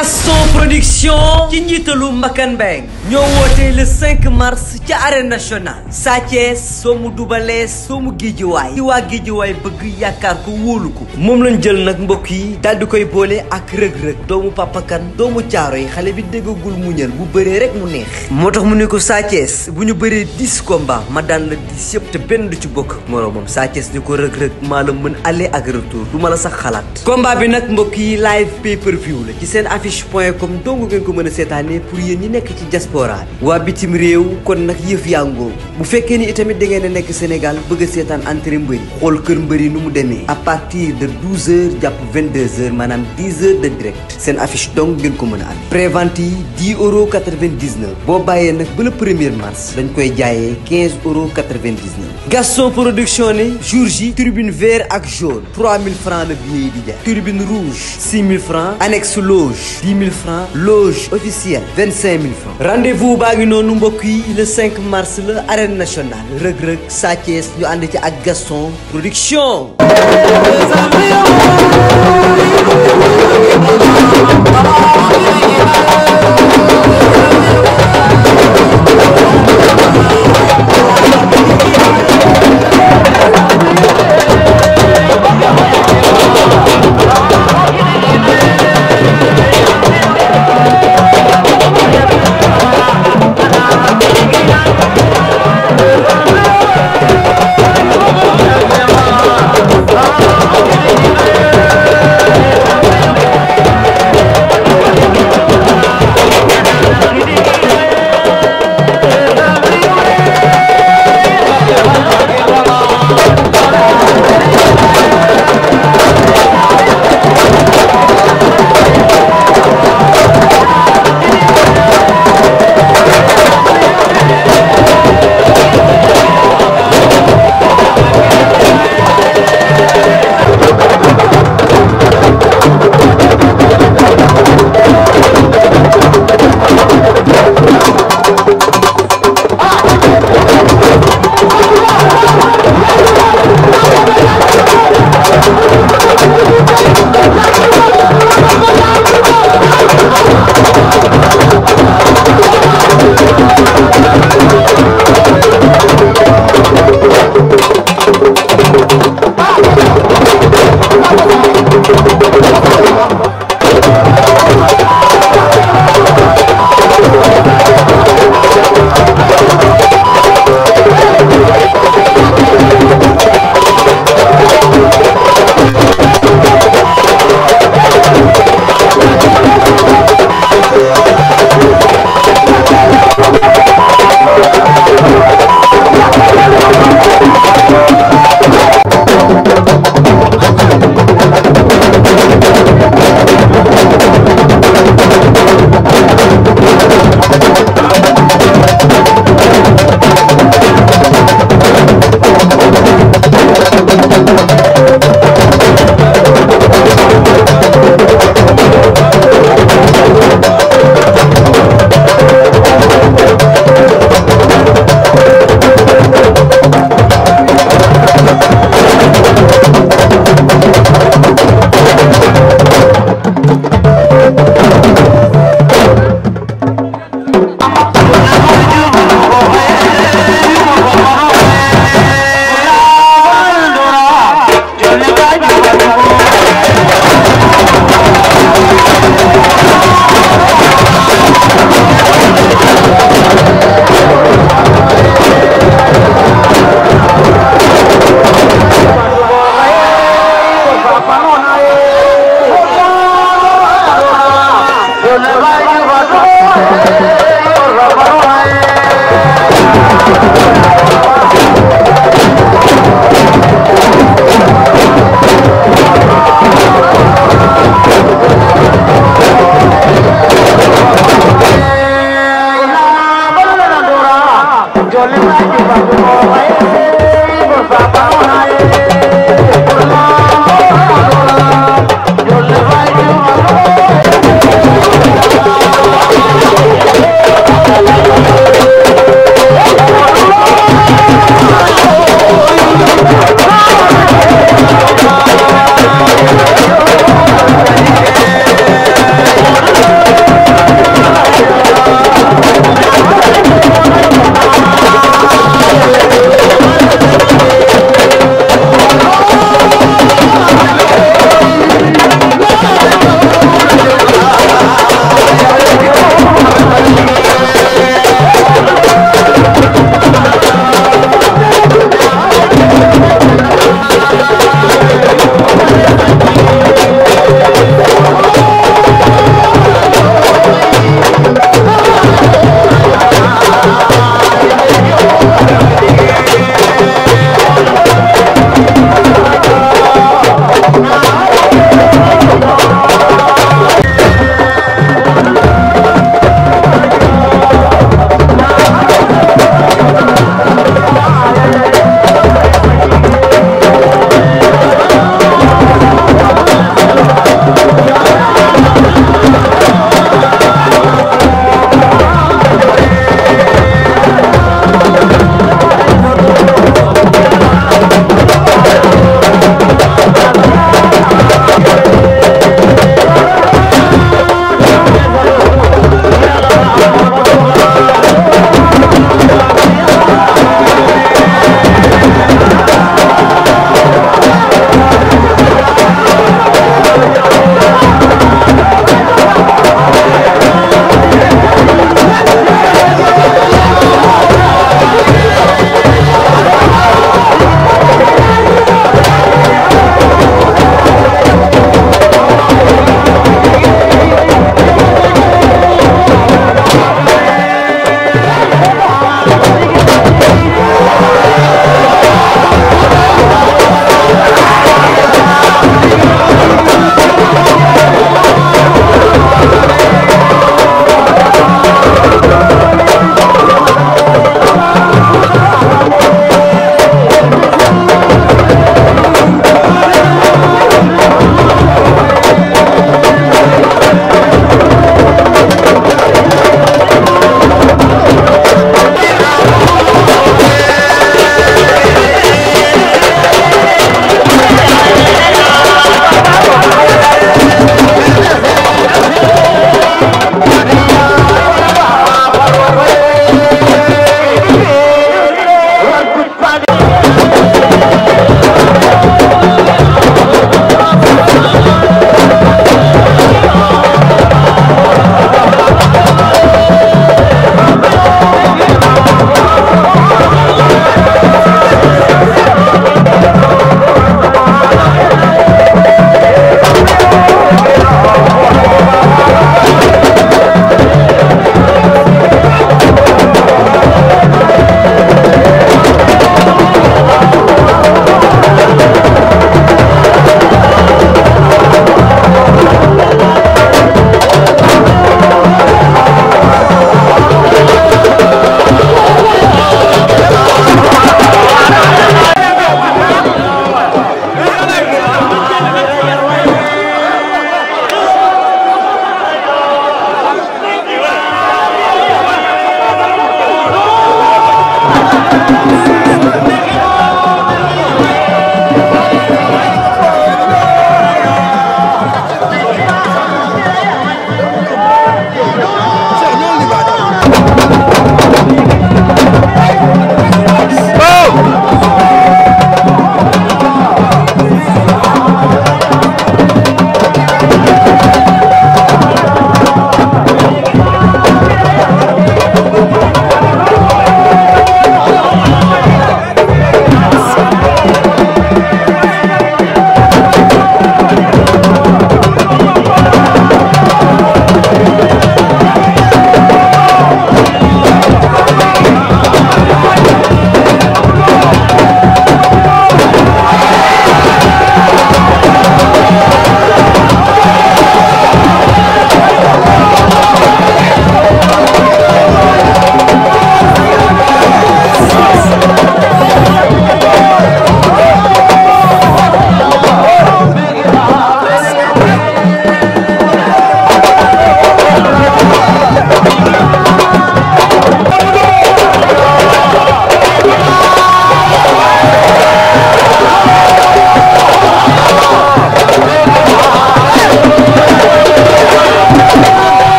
abraço! production ci njiitalu Mbakan Mbeng ñoo wootee le 5 mars ci arène nationale Sa soo mu dubalee soo mu géejiwaay ci waa géejiwaay bëgg yaakaar ko wóolu ko moom lañ jël nag mbokk yi daal di koy boole ak rëg-rëg doomu papakan doomu caaro yi xale bi déggagul muñal bu bëree rek mu neex moo tax mu ne ko Sa Thiès bu ñu bëree 10 combats ma daan la 10 yëpp te benn du ci bokk moroomam Sa Thiès ni ko rëg-rëg maa la mën aller ak retour du ma la sax xalaat combat bi nag yi la koom dong ngeen ko mën a seetaanee pour yéen ñi nekk ci diaspora waa bitim réew kon nag yëf yàngoo bu fekkee ni itamit da ngeen a nekk Sénégal bëgg a seetaan entrée mbëri xool kër mbëri nu mu demee à partir de 12 heures jàpp 22 heures maanaam 10 heures de direct seen affiche dong ngeen ko mën a am prévente yi 10 euros 99 boo bàyyee nag ba le mars dañ koy jaayee 15 euros 99 Gaston production ne jour ji tribune vert ak jaune 3000 francs la billet yi di jaay tribune rouge 6000 francs annexe loge 10 000 francs francs loge officielle vingt cinq mille francs rendez baa ngi noonu mbokk yi le 5 mars la arène nationale rëg-rëg Sa Thiès ñu ci ak Gaston Production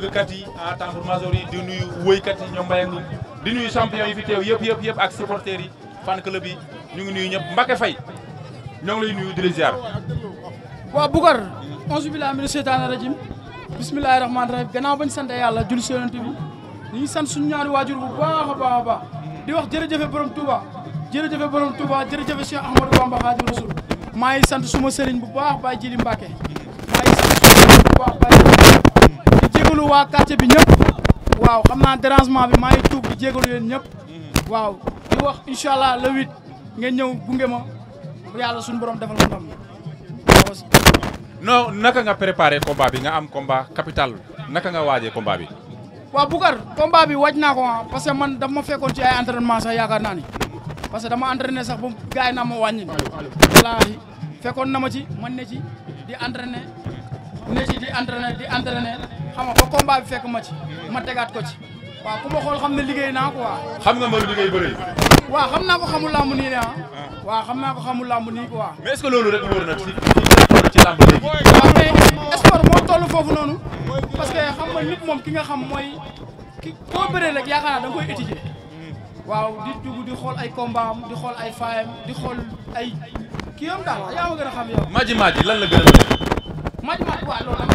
tëggkat yi en tant que major di nuyu woykat yi ñoom Mbaye di nuyu champion fi teew yëpp yëpp yëpp ak supporters yi fan club yi nuyu ñëpp Mbacke Faye ñoo ngi lay nuyu di la ziar. waaw Boucar. auzu billaahi mina seytaani rajim bismillaahi rahmaani rahim gannaaw bañ sant yàlla julli si yonent bi ñu sant suñu ñaari waajur bu baax a baax di wax jërëjëfe borom Touba jërëjëfe borom Touba jërëjëfe Cheikh Ahmadou maa ngi sant suma sëriñ bu baax Baye Jili jégalu waa quartier bi ñëpp waaw xam naa dérangement bi maa ngi tuub di jégalu yéen ñëpp waaw di wax incha la le huit ngeen ñëw gunge ma yàlla suñu borom defal ma ndam non naka nga préparé combat bi nga am combat capital naka nga waajee komba bi. waaw Boucar combat bi waaj naa ko ah parce man dama ma fekkoon ci ay entraînement sax yaakaar naa ni parce que dama entraîné sax ba gars yi naa ma wàññi. wallaahi fekkoon na ma ci man ne ci di entraîné ne di entraîné di xam nga ba combat bi fekk ma ci ma tegaat ko ci waaw ku xool xam ne liggéey naa ko waaw. xam nga mbaru liggéey bëri. waaw xam naa ko xamul làmb nii de ah. xam naa ko xamul làmb nii quoi. mais est-ce que loolu rek wóor na waaw moo toll foofu noonu parce que xam nga nit moom ki nga xam mooy ki koo bëree rek yaakaar naa da nga koy étudier waaw di dugg di xool ay combat am di xool ay faayam di xool ay kii am daal yaa ma gën a xam yow. Madji Madji lan la gën a mel. Madji Madji waaw loolu da nga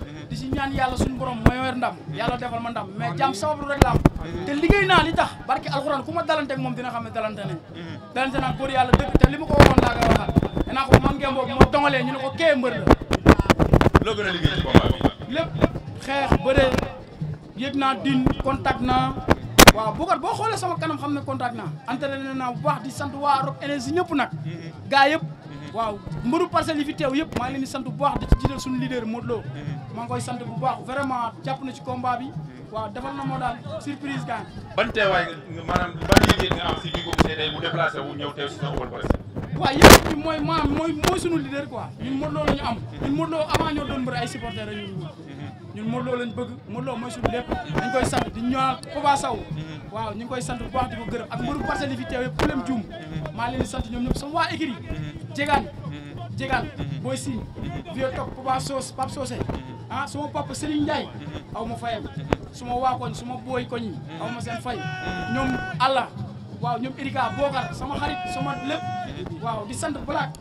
di si ñaan yàlla suñu borom mooy weer ndam yàlla defal ma ndam mais jaam sabablu rek la am te liggéey naa li tax barki alxuraan ku ma moom dina xam ne dalante naa góor yàlla dëgg te li ko waxoon laa koy waxaat danaa ko man ngeen moo dongalee ñu ne ko kee mbër la loo a liggéey xeex bëre yëg naa din contact naa waaw bukat boo xoolee sama kanam xam ne contact naa entraîné naa bu baax di sant waa rob énergie ñëpp nag mm-hmm. gaa yëpp waaw mbëru parcelles yi fi teew yëpp maa ngi leen di sant bu baax di ci jiital suñu leader Modou Lo ko mm-hmm. ngi sant bu baax vraiment jàpp na ci combat bi mm-hmm. waaw defal na moo surprise gan ban teewaay nga maanaam ban yëg nga am si bi boobu tey bu déplacé wu ñëw teew si sa open presse waaw yëpp bi mooy maam mooy mooy leader quoi ñun Modou Lo ñu am mm-hmm. ñun Modou Lo avant ñoo doon mbër ay supporters rek ñun ñun Modou Lo lañ bëgg Modou Lo mooy suñu lépp dañ koy sant di ñëwaat Papa Sow mm-hmm. waaw ñu koy sant bu baax di ko gërëm ak mbaru parcelle yi fi teewee problème juum mm-hmm. maa leen sant ñoom ñëpp sama waa écurie mm-hmm. jegaan jegaan booy siin vieux toog Papa Soos Pape Soosé ah suma papa Serigne aw ma fayam suma waa koñ suma booy koñ yi aw ma seen fay ñoom Allah waaw ñoom Erika Bokar sama xarit sama lépp waaw di sant Black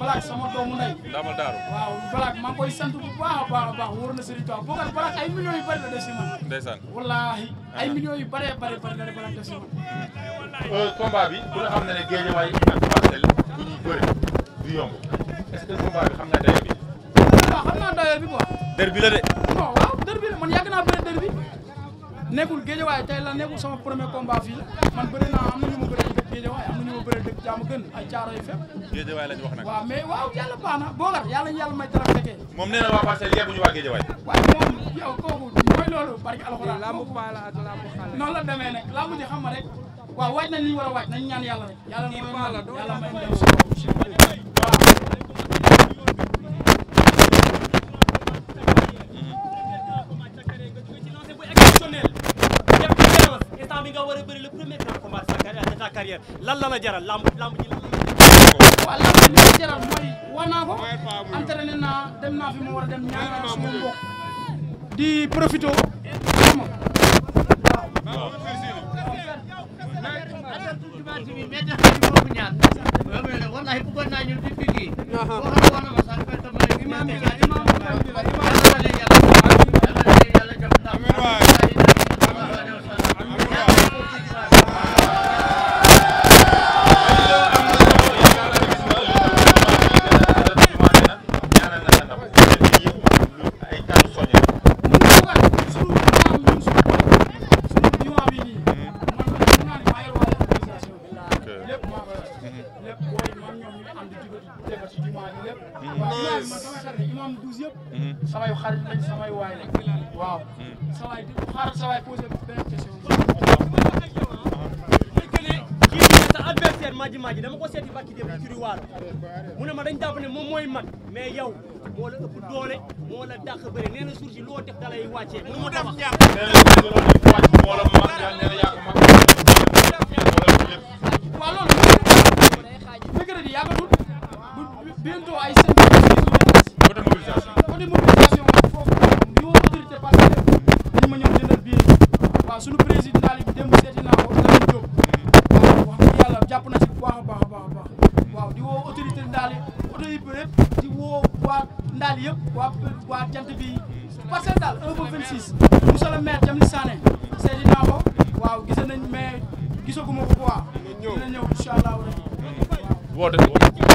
Balak sama doomu ndey. Ndamal Daaru. waaw Balak maa ngi koy sant bu baax a baax a baax wóor na Serigne Touba Bokar Balak ay millions yu bëri la def si man. ndeysaan wallaahi. ay ah. millions yu bëree bëri bëri la Balak def si man. Euh, combat bi bu nga xam ne ne Guédiawaye ak Parcelles bu ñuy bëri du yomb est-ce que combat bi xam nga dayo bi. waaw ah, xam naa dayo bi quoi. derby la de. non waaw derby la man yàgg naa bëri derby nekkul Guédiawaye tey la nekkul sama premier combat fii la man bëri naa am na ñu ma bëri géejawaay am na ñu ma bëre dëkk jàmm gën ay caaro yi fépp géejawaay lañ wax nag waaw mais waaw yàlla baax na boogar yàlla ñu yàlla may dara moom nee na waa Parcelles yegguñu waa géejawaay waaye moom yow kooku mooy loolu barki alxuraan lamb paa la ak lamb xale noonu la demee nag lamb ji xam ma rek waaw waaj nañ li ñu war a waaj nañ ñaan yàlla rek yàlla may yàlla may ta carrière lan la la jaral lamb lamb ji lan waaw lamb ji li ma jaral mooy wax naa ko entraîné naa dem naa fi ma war a dem ñaanal suma mbokk di profité ama waaw waaw ne moom mooy mag mais yow moo la ëpp doole moo la dàq bëri nee na suur loo def dalay wàccee. mu def ñaar. nee na suur si loo def moo la woote woote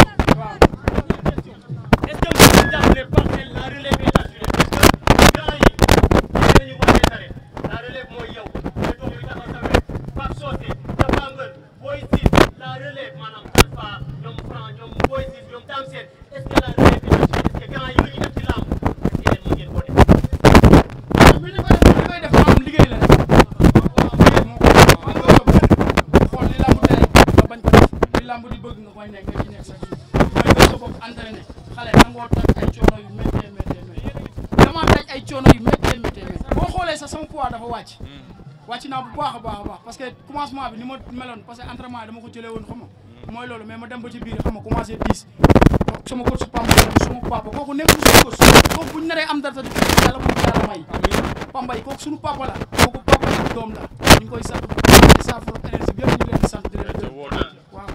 sa sama poids dafa wàcc hmm. wàcc naa bu baax a baax a baax parce que commencement bi ni ma meloon parce que entraînement yi dama ko jëlee woon xam nga hmm. mooy loolu mais ma dem ba ci biir xam nga commencé diis donc sama coach Pamba sama papa kooku nekkul suñu coach kooku buñu naree am dara di yàlla moom yàlla may Pamba yi kooku suñu papa la kooku papa la doom la ñu ngi koy sant di sant for énergie bi yëpp ñu leen di sant di leen waaw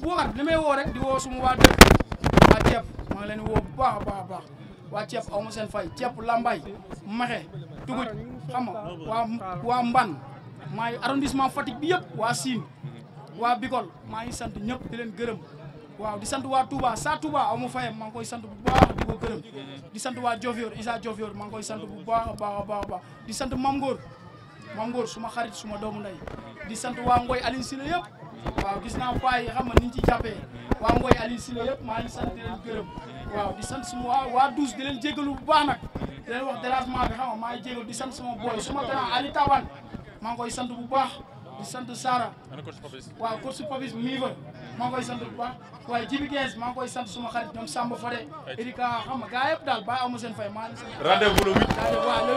bu waxat li may woo rek di woo suma waa dëkk waa Jepp maa ngi leen woo bu baax a baax a baax waa ceeb aw ma seen fay ceeb lambay maxe tuguj xam waa mban maa ngi arrondissement Fatick bi yëpp waa Sine waa Bikol maa ngi sant ñëpp di leen gërëm waaw di sant waa Touba saa Touba aw ma fayam maa ngi sant bu baax di gërëm di sant waa Diofior Isa Diofior mangooy ngi sant bu baax a baax a baax a baax di sant mangoor mangoor suma xarit suma doomu ndey di sant waa Ngoy Aline Sile yëpp waaw gis naa paa yi xam nga ni ñu ci jàppee waa Ngoy Aliou Sylla yëpp maa ngi sant di leen gërëm waaw di sant suma waa waa douze di leen bu baax nag di leen wax dérangement bi xam nga maa ngi jégalu di sant suma booy suma grand Ali Tawane maa ngi koy sant bu baax di sant Sara waaw course Papis bi mii fa maa ngi koy sant bu baax suma xarit ñoom Samba Fodé Erika daal bàyyi amu seen fay maa ngi sant rendez-vous le huit waaw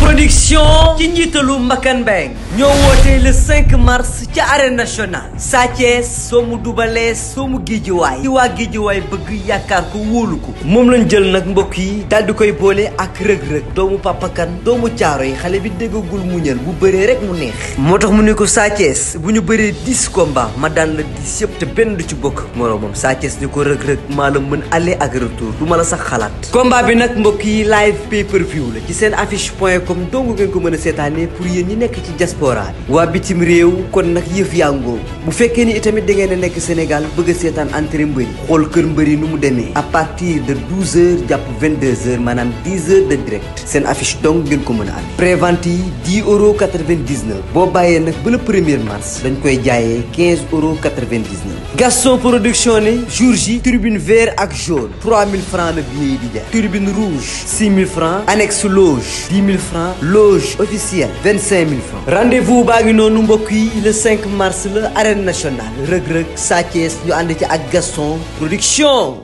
Production ci njiitalu Mbakan Mbeng ñoo wootee le 5 mars ci arène nationale Sa Thiès soomu dubalee soomu géejuwaay ci waa géejuwaay bëgg yaakaar ko wóolu ko moom lañ jël nag mbokk yi daal di koy boole ak rëg-rëg doomu papakan doomu caaro yi xale bi déggagul muñal bu bëree rek mu neex moo tax mu ne ko Sa Thiès bu ñu bëree 10 combat ma daan la diis yëpp te benn du ci bokk moroomam Sa Thiès ni ko rëg-rëg maa la mën aller ak retour du ma la sax xalaat combat bi nag mbokk yi live pay per view la ci seen affiche point comme dong ngeen ko mën a seetaanee pour yéen ñi nekk ci diaspora bi waa bitim réew kon nag yëf yaa ngoo bu fekkee ni itamit da ngeen a nekk Sénégal bëgg a seetaan entrée mbëri xool kër mbëri nu mu demee à partir de 12 heures jàpp 22 heures maanaam 10 heures de direct seen affiche dong ngeen ko mën a amee prévente yi 10 euros 99 boo bàyyee nag ba le premier mars dañ koy jaayee quinze euros quatre vingt dix neuf. Gaston production ne jour J turbine vert ak jaune trois mille francs la billet yi di jar turbine rouge six mille francs annexe loge dix mille francs loge officielle vingt cinq mille francs. rendez-vous ngi noonu mbokk yi le cinq mars la arène nationale Reug Reug Sa Thiès ñu ànd ci ak Gaston production.